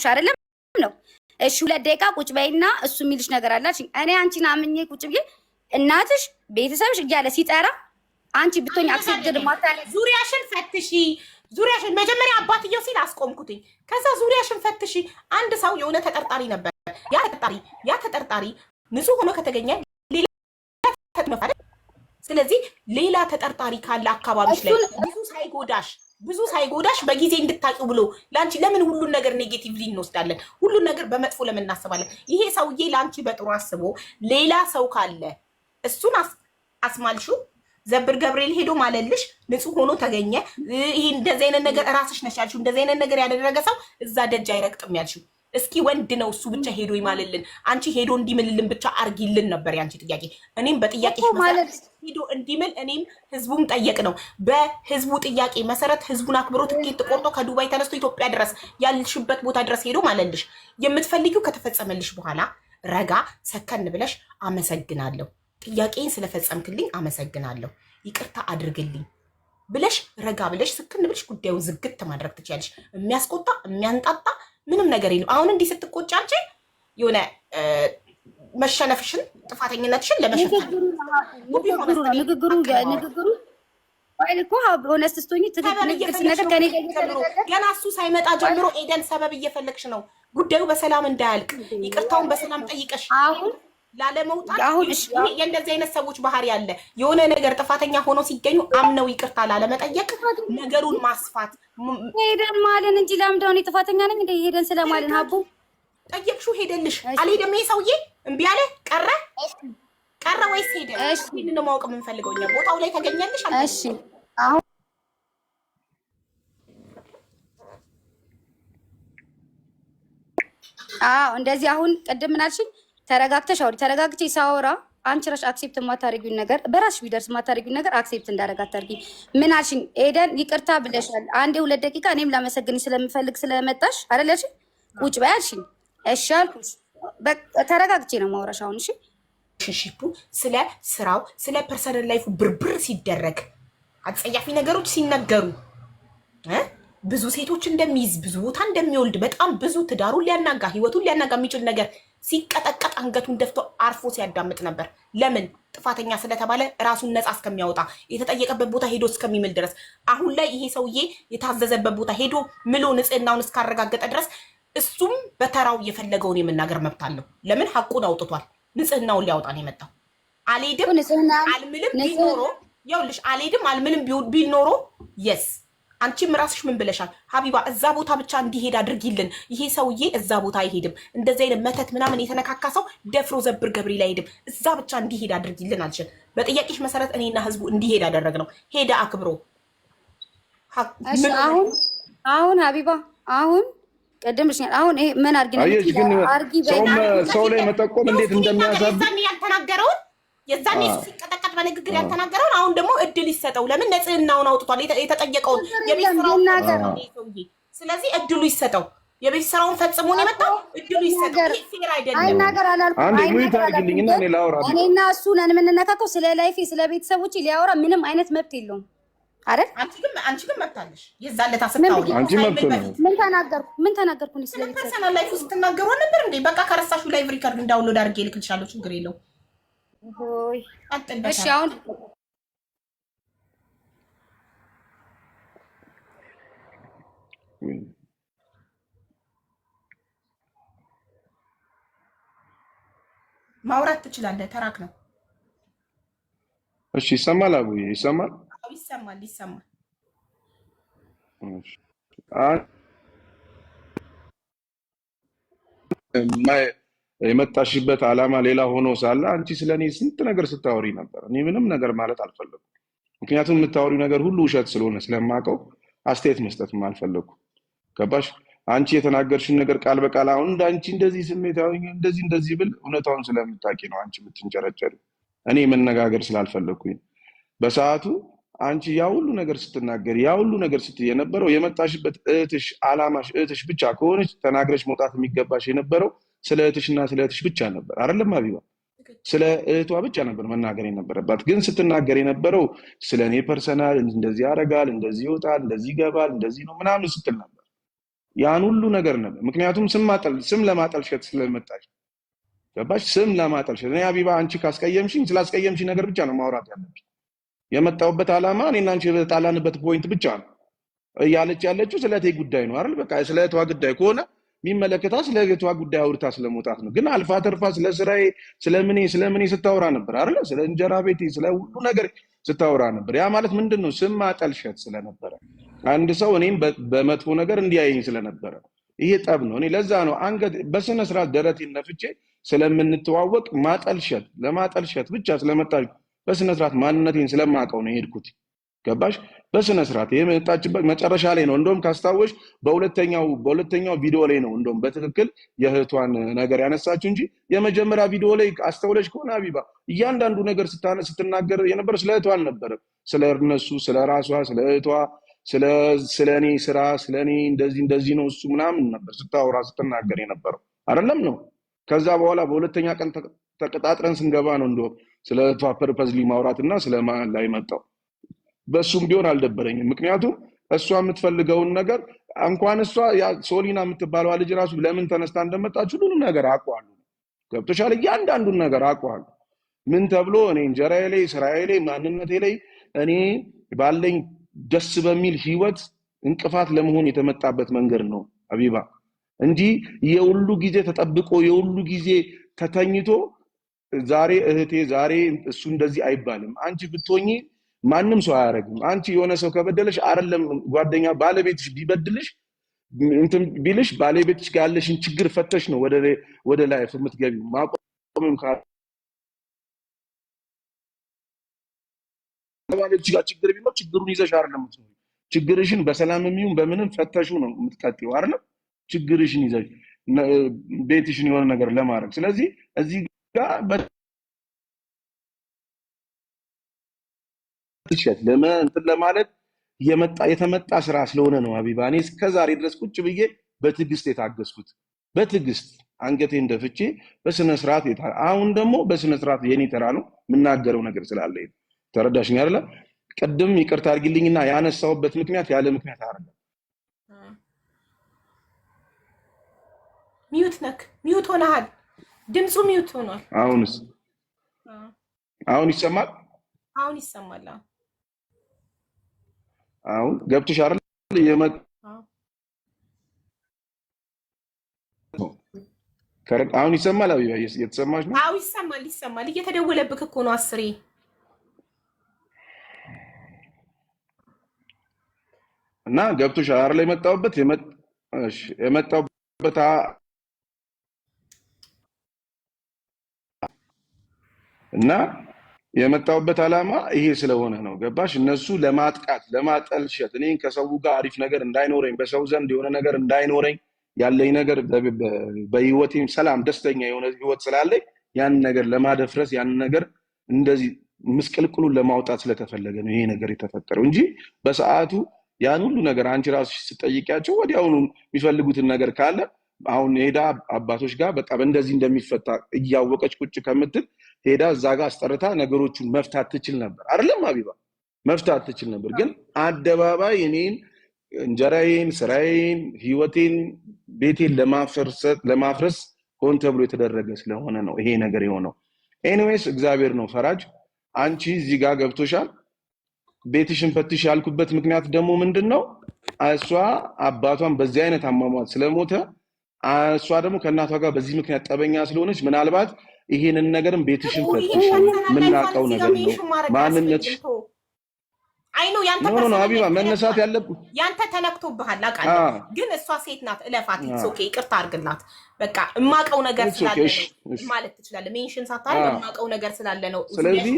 አልኩሽ አይደለም ነው? እሺ ሁለት ደቂቃ ቁጭ በይና እሱ የሚልሽ ነገር አላች። እኔ አንቺን አምኜ ቁጭ ብዬ እናትሽ ቤተሰብሽ እያለ ሲጠራ አንቺ ብትሆኝ አክሴፕትድ ማታ ዙሪያሽን ፈትሺ ዙሪያሽን መጀመሪያ አባትየው ሲል አስቆምኩትኝ። ከዛ ዙሪያሽን ፈትሺ። አንድ ሰው የሆነ ተጠርጣሪ ነበር። ያ ተጠርጣሪ ያ ተጠርጣሪ ንጹህ ሆኖ ከተገኘ ሌላ ስለዚህ ሌላ ተጠርጣሪ ካለ አካባቢሽ ላይ ብዙ ሳይጎዳሽ ብዙ ሳይጎዳሽ በጊዜ እንድታቂው ብሎ ለአንቺ ለምን ሁሉን ነገር ኔጌቲቭ እንወስዳለን? ሁሉን ነገር በመጥፎ ለምን እናስባለን? ይሄ ሰውዬ ለአንቺ በጥሩ አስቦ ሌላ ሰው ካለ እሱን አስማልሹ። ዘብር ገብርኤል ሄዶ ማለልሽ ንጹህ ሆኖ ተገኘ። ይህ እንደዚህ አይነት ነገር ራስሽ ነሽ ያልሽው እንደዚህ አይነት ነገር ያደረገ ሰው እዛ ደጅ አይረግጥም ያልሽው እስኪ ወንድ ነው እሱ ብቻ ሄዶ ይማልልን፣ አንቺ ሄዶ እንዲምልልን ብቻ አርጊልን ነበር ያንቺ ጥያቄ። እኔም በጥያቄ ሄዶ እንዲምል እኔም ህዝቡም ጠየቅ ነው። በህዝቡ ጥያቄ መሰረት ህዝቡን አክብሮ ትኬት ተቆርጦ ከዱባይ ተነስቶ ኢትዮጵያ ድረስ ያልሽበት ቦታ ድረስ ሄዶ ማለልሽ። የምትፈልጊው ከተፈጸመልሽ በኋላ ረጋ ሰከን ብለሽ አመሰግናለሁ፣ ጥያቄን ስለፈጸምክልኝ አመሰግናለሁ፣ ይቅርታ አድርግልኝ ብለሽ ረጋ ብለሽ ስክን ብለሽ ጉዳዩን ዝግት ማድረግ ትችያለሽ። የሚያስቆጣ የሚያንጣጣ ምንም ነገር የለም። አሁን እንዲህ ስትቆጪ አንቺ የሆነ መሸነፍሽን ጥፋተኝነትሽን ለመሸፈን ገና እሱ ሳይመጣ ጀምሮ ኤደን ሰበብ እየፈለግሽ ነው ጉዳዩ በሰላም እንዳያልቅ ይቅርታውን በሰላም ጠይቀሽ አሁን ላለመውጣት የእንደዚህ አይነት ሰዎች ባህሪ አለ። የሆነ ነገር ጥፋተኛ ሆኖ ሲገኙ አምነው ይቅርታ ላለመጠየቅ ነገሩን ማስፋት ሄደን ማለን እንጂ ጥፋተኛ ነኝ እንደ ሄደን ስለማለን አቡ ሄደልሽ አልሄደም። ይሄ ሰውዬ እምቢ አለ ቀረ ቀረ ወይስ ሄደ? ይህንን ማወቅ የምንፈልገው እኛ ቦታው ላይ ተገኘልሽ። አሁን አዎ እንደዚህ አሁን ቅድም ምናልሽኝ ተረጋግተሽ አውሪ። ተረጋግቼ ሳወራ አንቺ ራሽ አክሴፕት የማታደርጊውን ነገር በራሽ ቢደርስ የማታደርጊውን ነገር አክሴፕት እንዳደረግ አታደርጊ። ምን አልሽኝ? ኤደን ይቅርታ ብለሻል። አንዴ ሁለት ደቂቃ እኔም ላመሰግንሽ ስለምፈልግ ስለመጣሽ አደለሽ? ቁጭ በይ አልሽኝ። እሺ አልኩሽ። ተረጋግቼ ነው ማውራሽ አሁን። እሺ ሽሽቱ ስለ ስራው ስለ ፐርሰናል ላይፉ ብርብር ሲደረግ አጸያፊ ነገሮች ሲነገሩ ብዙ ሴቶች እንደሚይዝ ብዙ ቦታ እንደሚወልድ በጣም ብዙ ትዳሩን ሊያናጋ ህይወቱን ሊያናጋ የሚችል ነገር ሲቀጠቀጥ አንገቱን ደፍቶ አርፎ ሲያዳምጥ ነበር። ለምን? ጥፋተኛ ስለተባለ ራሱን ነፃ እስከሚያወጣ የተጠየቀበት ቦታ ሄዶ እስከሚምል ድረስ። አሁን ላይ ይሄ ሰውዬ የታዘዘበት ቦታ ሄዶ ምሎ ንጽህናውን እስካረጋገጠ ድረስ እሱም በተራው የፈለገውን የመናገር መብት አለው። ለምን? ሀቁን አውጥቷል። ንጽህናውን ሊያወጣ ነው የመጣው። አልሄድም አልምልም ቢል ኖሮ ይኸውልሽ፣ አልሄድም አልምልም ቢል ኖሮ የስ አንቺም ራስሽ ምን ብለሻል ሀቢባ? እዛ ቦታ ብቻ እንዲሄድ አድርጊልን። ይሄ ሰውዬ እዛ ቦታ አይሄድም፣ እንደዚህ አይነት መተት ምናምን የተነካካ ሰው ደፍሮ ዘብር ገብርኤል አይሄድም፣ እዛ ብቻ እንዲሄድ አድርጊልን አልሽን። በጥያቄሽ መሰረት እኔና ህዝቡ እንዲሄድ አደረግ ነው። ሄደ አክብሮ። አሁን አሁን ሀቢባ አሁን ቀደምሽ አሁን ይሄ ምን አድርጊ አድርጊ ሰው ላይ መጠቆም እንዴት እንደሚያሳብ ያልተናገረውን የዛኔ ሲቀጠቀጥ በንግግር ያልተናገረውን አሁን ደግሞ እድል ይሰጠው። ለምን ንጽህናውን አውጥቷል የተጠየቀውን የቤት ስራውን። ስለዚህ እድሉ ይሰጠው። የቤት ስራውን ፈጽሞ ነው የመጣው። እድሉ ይሰጠው። ፌር አይደለም። አይናገር አላልኩም። እኔና እሱ ነን የምንነካከው። ስለ ላይፌ ስለ ቤተሰቦች ሊያወራ ምንም አይነት መብት የለውም። አረ አንቺ ግን አንቺ ግን መብታለሽ። የዛን ዕለት አስታውቂ። አንቺ መብት ምን ተናገርኩ? ምን ተናገርኩ? ስለዚህ ፐርሰናል ላይፍ ስትናገሩ ነበር እንዴ? በቃ ከረሳሹ ላይቭ ሪከርድ እንዳውንሎድ አድርጌ ልክልሻለሁ። ችግር የለውም። እሺ አሁን ማውራት ትችላለህ። ተራክ ነው። እሺ ይሰማል። አቡዬ ይሰማል። ይሰማል። ይሰማል። እሺ የመጣሽበት ዓላማ ሌላ ሆኖ ሳለ አንቺ ስለ እኔ ስንት ነገር ስታወሪ ነበር። እኔ ምንም ነገር ማለት አልፈለጉ። ምክንያቱም የምታወሪው ነገር ሁሉ ውሸት ስለሆነ ስለማውቀው አስተያየት መስጠት አልፈለጉ። ገባሽ? አንቺ የተናገርሽን ነገር ቃል በቃል አሁን እንደ አንቺ እንደዚህ ስሜታዊ እንደዚህ እንደዚህ ብል እውነታውን ስለምታውቂ ነው አንቺ የምትንጨረጨሪ። እኔ መነጋገር ስላልፈለግኩኝ በሰዓቱ አንቺ ያ ሁሉ ነገር ስትናገር ያ ሁሉ ነገር ስትይ የነበረው የመጣሽበት እህትሽ አላማሽ እህትሽ ብቻ ከሆነች ተናግረሽ መውጣት የሚገባሽ የነበረው ስለ እህትሽና ስለ እህትሽ ብቻ ነበር አይደለም አቢባ ስለ እህቷ ብቻ ነበር መናገር የነበረባት። ግን ስትናገር የነበረው ስለ እኔ ፐርሰናል፣ እንደዚህ ያደርጋል፣ እንደዚህ ይወጣል፣ እንደዚህ ይገባል፣ እንደዚህ ነው ምናምን ስትል ነበር። ያን ሁሉ ነገር ነበር። ምክንያቱም ስም ለማጠልሸት ስለመጣች ገባሽ? ስም ለማጠልሸት እኔ አቢባ አንቺ ካስቀየምሽኝ ስላስቀየምሽኝ ነገር ብቻ ነው ማውራት ያለብሽ። የመጣሁበት ዓላማ እኔና አንቺ የተጣላንበት ፖይንት ብቻ ነው። እያለች ያለችው ስለ ጉዳይ ነው አይደል? በቃ ስለ እህቷ ጉዳይ ከሆነ የሚመለከታ ስለ እህቷ ጉዳይ አውርታ ስለመውጣት ነው። ግን አልፋ ተርፋ ስለ ስራዬ፣ ስለምኔ ስለምኔ ስታወራ ነበር አለ። ስለ እንጀራ ቤቴ፣ ስለ ሁሉ ነገር ስታወራ ነበር። ያ ማለት ምንድን ነው? ስም አጠልሸት ስለነበረ አንድ ሰው እኔም በመጥፎ ነገር እንዲያየኝ ስለነበረ ይሄ ጠብ ነው። እኔ ለዛ ነው አንገት በስነ ስርዓት ደረቴን ነፍቼ ስለምንተዋወቅ ማጠልሸት ለማጠልሸት ብቻ ስለመጣ በስነ ስርዓት ማንነቴን ስለማውቀው ነው የሄድኩት። ገባሽ? በስነ ስርዓት የመጣችበት መጨረሻ ላይ ነው። እንደውም ካስታወሽ በሁለተኛው በሁለተኛው ቪዲዮ ላይ ነው እንደውም በትክክል የእህቷን ነገር ያነሳችው እንጂ የመጀመሪያ ቪዲዮ ላይ አስተውለሽ ከሆነ አቢባ እያንዳንዱ ነገር ስትናገር የነበረ ስለ እህቷ አልነበረም። ስለ እነሱ፣ ስለ ራሷ፣ ስለ እህቷ፣ ስለ እኔ ስራ፣ ስለ እኔ እንደዚህ እንደዚህ ነው እሱ ምናምን ነበር ስታወራ ስትናገር የነበረው አይደለም ነው። ከዛ በኋላ በሁለተኛ ቀን ተቀጣጥረን ስንገባ ነው እንደውም ስለ እህቷ ፐርፐዝ ማውራት እና ስለ ላይ መጣው በእሱም ቢሆን አልደበረኝም። ምክንያቱም እሷ የምትፈልገውን ነገር እንኳን እሷ ሶሊና የምትባለዋ ልጅ ራሱ ለምን ተነስታ እንደመጣች ሁሉንም ነገር አውቀዋለሁ። ገብቶሻል? እያንዳንዱን ነገር አውቀዋለሁ። ምን ተብሎ እኔ እንጀራዬ ላይ ስራዬ ላይ ማንነቴ ላይ እኔ ባለኝ ደስ በሚል ህይወት እንቅፋት ለመሆን የተመጣበት መንገድ ነው አቢባ እንጂ የሁሉ ጊዜ ተጠብቆ የሁሉ ጊዜ ተተኝቶ ዛሬ እህቴ ዛሬ እሱ እንደዚህ አይባልም። አንቺ ብትሆኚ ማንም ሰው አያደርግም። አንቺ የሆነ ሰው ከበደለሽ አይደለም ጓደኛ ባለቤትሽ ቢበድልሽ እንትን ቢልሽ ባለቤትሽ ጋር ያለሽን ችግር ፈተሽ ነው ወደ ላይፍ የምትገቢ። ማቆምም ባለቤትሽ ጋር ችግር ቢኖር ችግሩን ይዘሽ አይደለም ችግርሽን በሰላም የሚሆን በምንም ፈተሹ ነው የምትቀጥይው አይደለም ችግርሽን ይዘሽ ቤትሽን የሆነ ነገር ለማድረግ ስለዚህ እዚህ ጋር ብልሸት እንትን ለማለት የተመጣ ስራ ስለሆነ ነው። አቢባኔ እኔ እስከዛሬ ድረስ ቁጭ ብዬ በትዕግስት የታገስኩት በትዕግስት አንገቴ እንደፍቼ በስነስርዓት አሁን ደግሞ በስነስርዓት የኔ ተራ ነው የምናገረው ነገር ስላለ ተረዳሽ አይደለ? ቅድም ይቅርታ አድርጊልኝና ያነሳውበት ምክንያት ያለ ምክንያት አለ። ሚዩት ነክ ሚዩት ሆነሃል። ድምፁ ሚዩት ሆኗል። አሁንስ አሁን ይሰማል። አሁን ይሰማል። አሁን ገብትሽ አይደል? የመጣ አሁን ይሰማል። አቢባ እየተሰማሽ ነው? አዎ ይሰማል፣ ይሰማል። እየተደወለብክ እኮ ነው አስሬ። እና ገብትሽ አይደል? የመጣሁበት የመጣሁበት እና የመጣውበት ዓላማ ይሄ ስለሆነ ነው። ገባሽ? እነሱ ለማጥቃት ለማጠልሸት፣ እኔን ከሰው ጋር አሪፍ ነገር እንዳይኖረኝ፣ በሰው ዘንድ የሆነ ነገር እንዳይኖረኝ፣ ያለኝ ነገር በህይወቴም ሰላም ደስተኛ የሆነ ህይወት ስላለኝ ያን ነገር ለማደፍረስ ያን ነገር እንደዚህ ምስቅልቅሉን ለማውጣት ስለተፈለገ ነው ይሄ ነገር የተፈጠረው እንጂ በሰዓቱ ያን ሁሉ ነገር አንቺ ራሱ ስጠይቂያቸው ወዲያውኑ የሚፈልጉትን ነገር ካለ አሁን ሄዳ አባቶች ጋር በጣም እንደዚህ እንደሚፈታ እያወቀች ቁጭ ከምትል ሄዳ እዛ ጋር አስጠርታ ነገሮቹን መፍታት ትችል ነበር። አይደለም አቢባ መፍታት ትችል ነበር። ግን አደባባይ እኔን እንጀራዬን፣ ስራዬን፣ ህይወቴን፣ ቤቴን ለማፍረስ ሆን ተብሎ የተደረገ ስለሆነ ነው ይሄ ነገር የሆነው። ኤኒዌይስ እግዚአብሔር ነው ፈራጅ። አንቺ እዚህ ጋር ገብቶሻል። ቤትሽን ፈትሽ ያልኩበት ምክንያት ደግሞ ምንድን ነው? እሷ አባቷን በዚህ አይነት አሟሟት ስለሞተ እሷ ደግሞ ከእናቷ ጋር በዚህ ምክንያት ጠበኛ ስለሆነች ምናልባት ይሄንን ነገርም ቤትሽን ፈትሽ የምናውቀው ነገር ነው። ማንነትሽ ኖ አቢባ መነሳት ያለብህ ያንተ ተነክቶብሃል አውቃለሁ፣ ግን እሷ ሴት ናት እለፋት። ኦኬ ይቅርታ አድርግላት። በቃ እማቀው ነገር ስላለ ማለት ትችላለህ። ሜንሽን ሳታደርግ እማቀው ነገር ስላለ ነው። ስለዚህ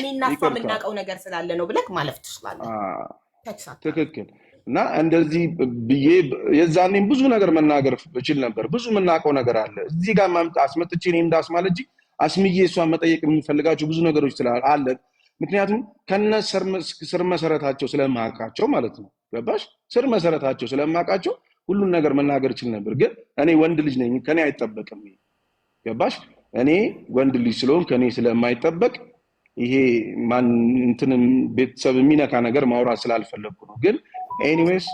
እኔና እሷ የምናውቀው ነገር ስላለ ነው ብለህ ማለፍ ትችላለህ። ትክክል እና እንደዚህ ብዬ የዛኔም ብዙ ነገር መናገር እችል ነበር። ብዙ የምናውቀው ነገር አለ። እዚህ ጋር አስመጥቼ እኔ እንዳስማለጅ አስምዬ እሷን መጠየቅ የምንፈልጋቸው ብዙ ነገሮች አለ። ምክንያቱም ከነ ስር መሰረታቸው ስለማውቃቸው ማለት ነው። ገባሽ? ስር መሰረታቸው ስለማውቃቸው ሁሉን ነገር መናገር እችል ነበር። ግን እኔ ወንድ ልጅ ነኝ፣ ከኔ አይጠበቅም። ገባሽ? እኔ ወንድ ልጅ ስለሆን ከኔ ስለማይጠበቅ ይሄ ማን እንትንም ቤተሰብ የሚነካ ነገር ማውራት ስላልፈለግኩ ነው ግን ኤኒዌይስ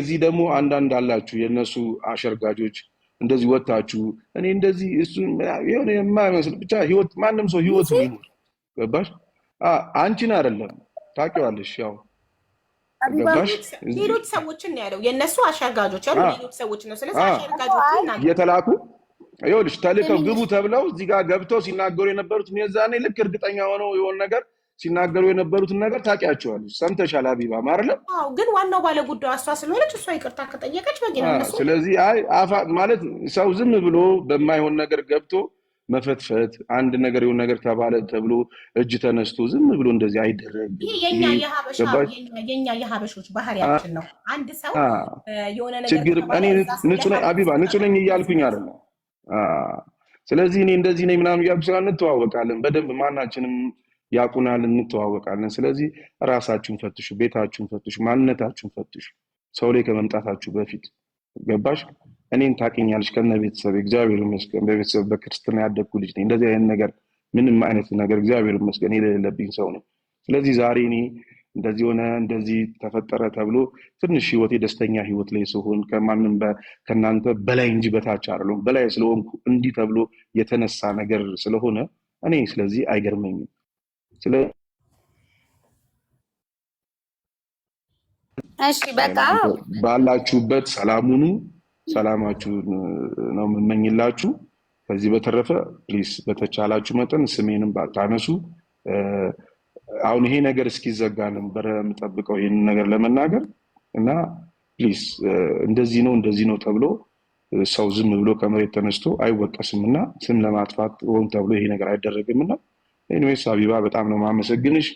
እዚህ ደግሞ አንዳንድ አላችሁ የእነሱ አሸርጋጆች እንደዚህ ወታችሁ እኔ እንደዚህ እሱ የሆነ የማይመስል ብቻ ህይወት ማንም ሰው ህይወት ይኑር። ገባሽ? አንቺን አይደለም ታውቂዋለሽ። ያው ገባሽ? ሌሎች ሰዎችን ነው ያለው። የእነሱ አሸርጋጆች ያሉ ሌሎች ሰዎች ነው። ስለዚህ አሸርጋጆች እየተላኩ ይኸውልሽ ተልከው ግቡ ተብለው እዚህ ጋር ገብተው ሲናገሩ የነበሩት እኔ ልክ እርግጠኛ ሆነው የሆን ነገር ሲናገሩ የነበሩትን ነገር ታውቂያቸዋለች፣ ሰምተሻል ሀቢባ ማለም። ግን ዋናው ባለ ጉዳዩ እሷ ስለሆነች እሷ ይቅርታ ከጠየቀች በቂ ስለዚህ አይ አፋ ማለት ሰው ዝም ብሎ በማይሆን ነገር ገብቶ መፈትፈት አንድ ነገር የሆነ ነገር ተባለ ተብሎ እጅ ተነስቶ ዝም ብሎ እንደዚህ አይደረግ። ይሄ የኛ የሀበሾች ባህሪያችን ነው። አንድ ሰው የሆነ ነገር ሀቢባ ንጹህ ነኝ እያልኩኝ አለ። ስለዚህ እኔ እንደዚህ ነኝ ምናምን እያልኩ ስላ እንተዋወቃለን በደንብ ማናችንም ያቁናል፣ እንተዋወቃለን። ስለዚህ ራሳችሁን ፈትሹ፣ ቤታችሁን ፈትሹ፣ ማንነታችሁን ፈትሹ። ሰው ላይ ከመምጣታችሁ በፊት ገባሽ? እኔን ታውቂኛለሽ ከነ ቤተሰብ እግዚአብሔር ይመስገን። በቤተሰብ በክርስትና ያደግኩ ልጅ ነኝ። እንደዚህ አይነት ነገር ምንም አይነት ነገር እግዚአብሔር ይመስገን የሌለብኝ ሰው ነው። ስለዚህ ዛሬ እኔ እንደዚህ ሆነ እንደዚህ ተፈጠረ ተብሎ ትንሽ ህይወቴ ደስተኛ ህይወት ላይ ሲሆን ከማንም ከእናንተ በላይ እንጂ በታች አይደለሁም። በላይ ስለሆንኩ እንዲህ ተብሎ የተነሳ ነገር ስለሆነ እኔ ስለዚህ አይገርመኝም። እሺ በቃ ባላችሁበት ሰላሙኑ ሰላማችሁ ነው የምመኝላችሁ። ከዚህ በተረፈ ፕሊስ በተቻላችሁ መጠን ስሜንም ባታነሱ። አሁን ይሄ ነገር እስኪዘጋ ነበረ የምጠብቀው ይህን ነገር ለመናገር እና ፕሊስ እንደዚህ ነው እንደዚህ ነው ተብሎ ሰው ዝም ብሎ ከመሬት ተነስቶ አይወቀስም እና ስም ለማጥፋት ወይም ተብሎ ይሄ ነገር አይደረግም እና ኤኒዌይስ አቢባ በጣም ነው ማመሰግንሽ።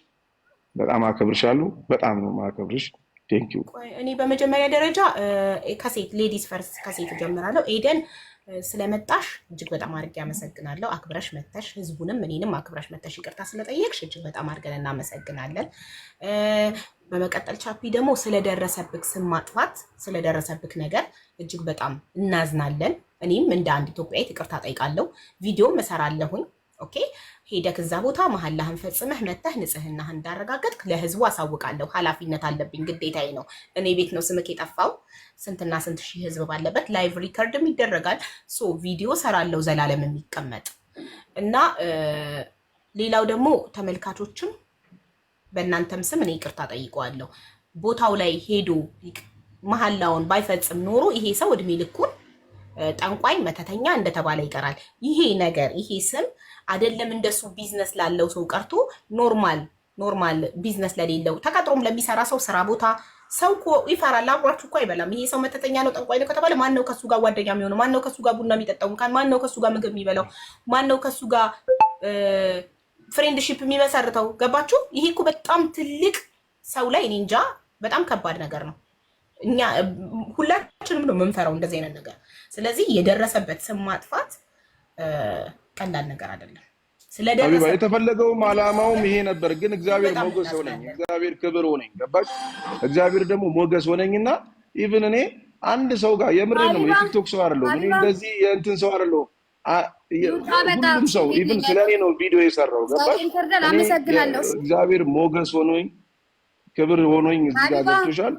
በጣም አከብርሻለሁ። በጣም ነው ማከብርሽ። ቴንክ ዩ። እኔ በመጀመሪያ ደረጃ ከሴት ሌዲስ ፈርስ ከሴት ጀምራለሁ። ኤደን ስለመጣሽ እጅግ በጣም አድርጌ አመሰግናለሁ። አክብረሽ መተሽ ህዝቡንም እኔንም አክብረሽ መተሽ ይቅርታ ስለጠየቅሽ እጅግ በጣም አድርገን እናመሰግናለን። በመቀጠል ቻፒ ደግሞ ስለደረሰብክ ስም ማጥፋት ስለደረሰብክ ነገር እጅግ በጣም እናዝናለን። እኔም እንደ አንድ ኢትዮጵያዊት ይቅርታ ጠይቃለሁ። ቪዲዮም እሰራለሁኝ። ኦኬ ሄደህ እዛ ቦታ መሀላህን ፈጽመህ መተህ ንጽህናህን እንዳረጋገጥክ ለህዝቡ አሳውቃለሁ። ኃላፊነት አለብኝ፣ ግዴታዬ ነው። እኔ ቤት ነው ስምክ የጠፋው ስንትና ስንት ሺህ ህዝብ ባለበት ላይቭ ሪከርድም ይደረጋል። ቪዲዮ ሰራለው ዘላለም የሚቀመጥ እና ሌላው ደግሞ ተመልካቾችም በእናንተም ስም እኔ ይቅርታ ጠይቀዋለሁ። ቦታው ላይ ሄዶ መሀላውን ባይፈጽም ኖሮ ይሄ ሰው እድሜ ልኩን ጠንቋይ፣ መተተኛ እንደተባለ ይቀራል። ይሄ ነገር ይሄ ስም አይደለም እንደሱ ቢዝነስ ላለው ሰው ቀርቶ ኖርማል ኖርማል ቢዝነስ ለሌለው ተቀጥሮም ለሚሰራ ሰው ስራ ቦታ ሰው እኮ ይፈራል። አብሯችሁ እኮ አይበላም። ይሄ ሰው መተተኛ ነው፣ ጠንቋይ ነው ከተባለ ማን ነው ከሱ ጋር ጓደኛ የሚሆነው? ማን ነው ከሱ ጋር ቡና የሚጠጣው? ማን ነው ከሱ ጋር ምግብ የሚበላው? ማን ነው ከሱ ጋር ፍሬንድሺፕ የሚመሰርተው? ገባችሁ? ይሄ እኮ በጣም ትልቅ ሰው ላይ እኔ እንጃ፣ በጣም ከባድ ነገር ነው። እኛ ሁላችንም ነው የምንፈራው እንደዚህ አይነት ነገር። ስለዚህ የደረሰበት ስም ማጥፋት ቀላል ነገር አይደለም። ስለደረሰ የተፈለገውም አላማውም ይሄ ነበር። ግን እግዚአብሔር ሞገስ ሆነኝ፣ እግዚአብሔር ክብር ሆነኝ። ገባሽ? እግዚአብሔር ደግሞ ሞገስ ሆነኝና ኢቭን እኔ አንድ ሰው ጋር የምሬ ነው። የቲክቶክ ሰው አይደለሁም እኔ እንደዚህ የእንትን ሰው አይደለሁም። ሁሉም ሰው ኢቭን ስለኔ ነው ቪዲዮ የሰራው። ገባሽ? እግዚአብሔር ሞገስ ሆኖኝ ክብር ሆኖኝ እዚህ ጋር ገብቶሻል።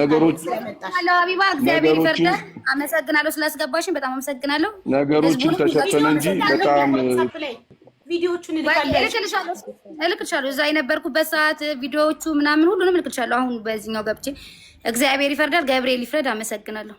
ነገሮች ሀቢባ እግዚአብሔር ይፈርዳል። አመሰግናለሁ ስላስገባሽን፣ በጣም አመሰግናለሁ። ነገሮችን ተሸፈነ እንጂ በጣም ቪዲዮቹን እልክልሻለሁ። እዛ የነበርኩበት ሰዓት ቪዲዮዎቹ ምናምን ሁሉንም እልክልሻለሁ። አሁን በዚህኛው ገብቼ እግዚአብሔር ይፈርዳል። ገብርኤል ይፍረድ። አመሰግናለሁ።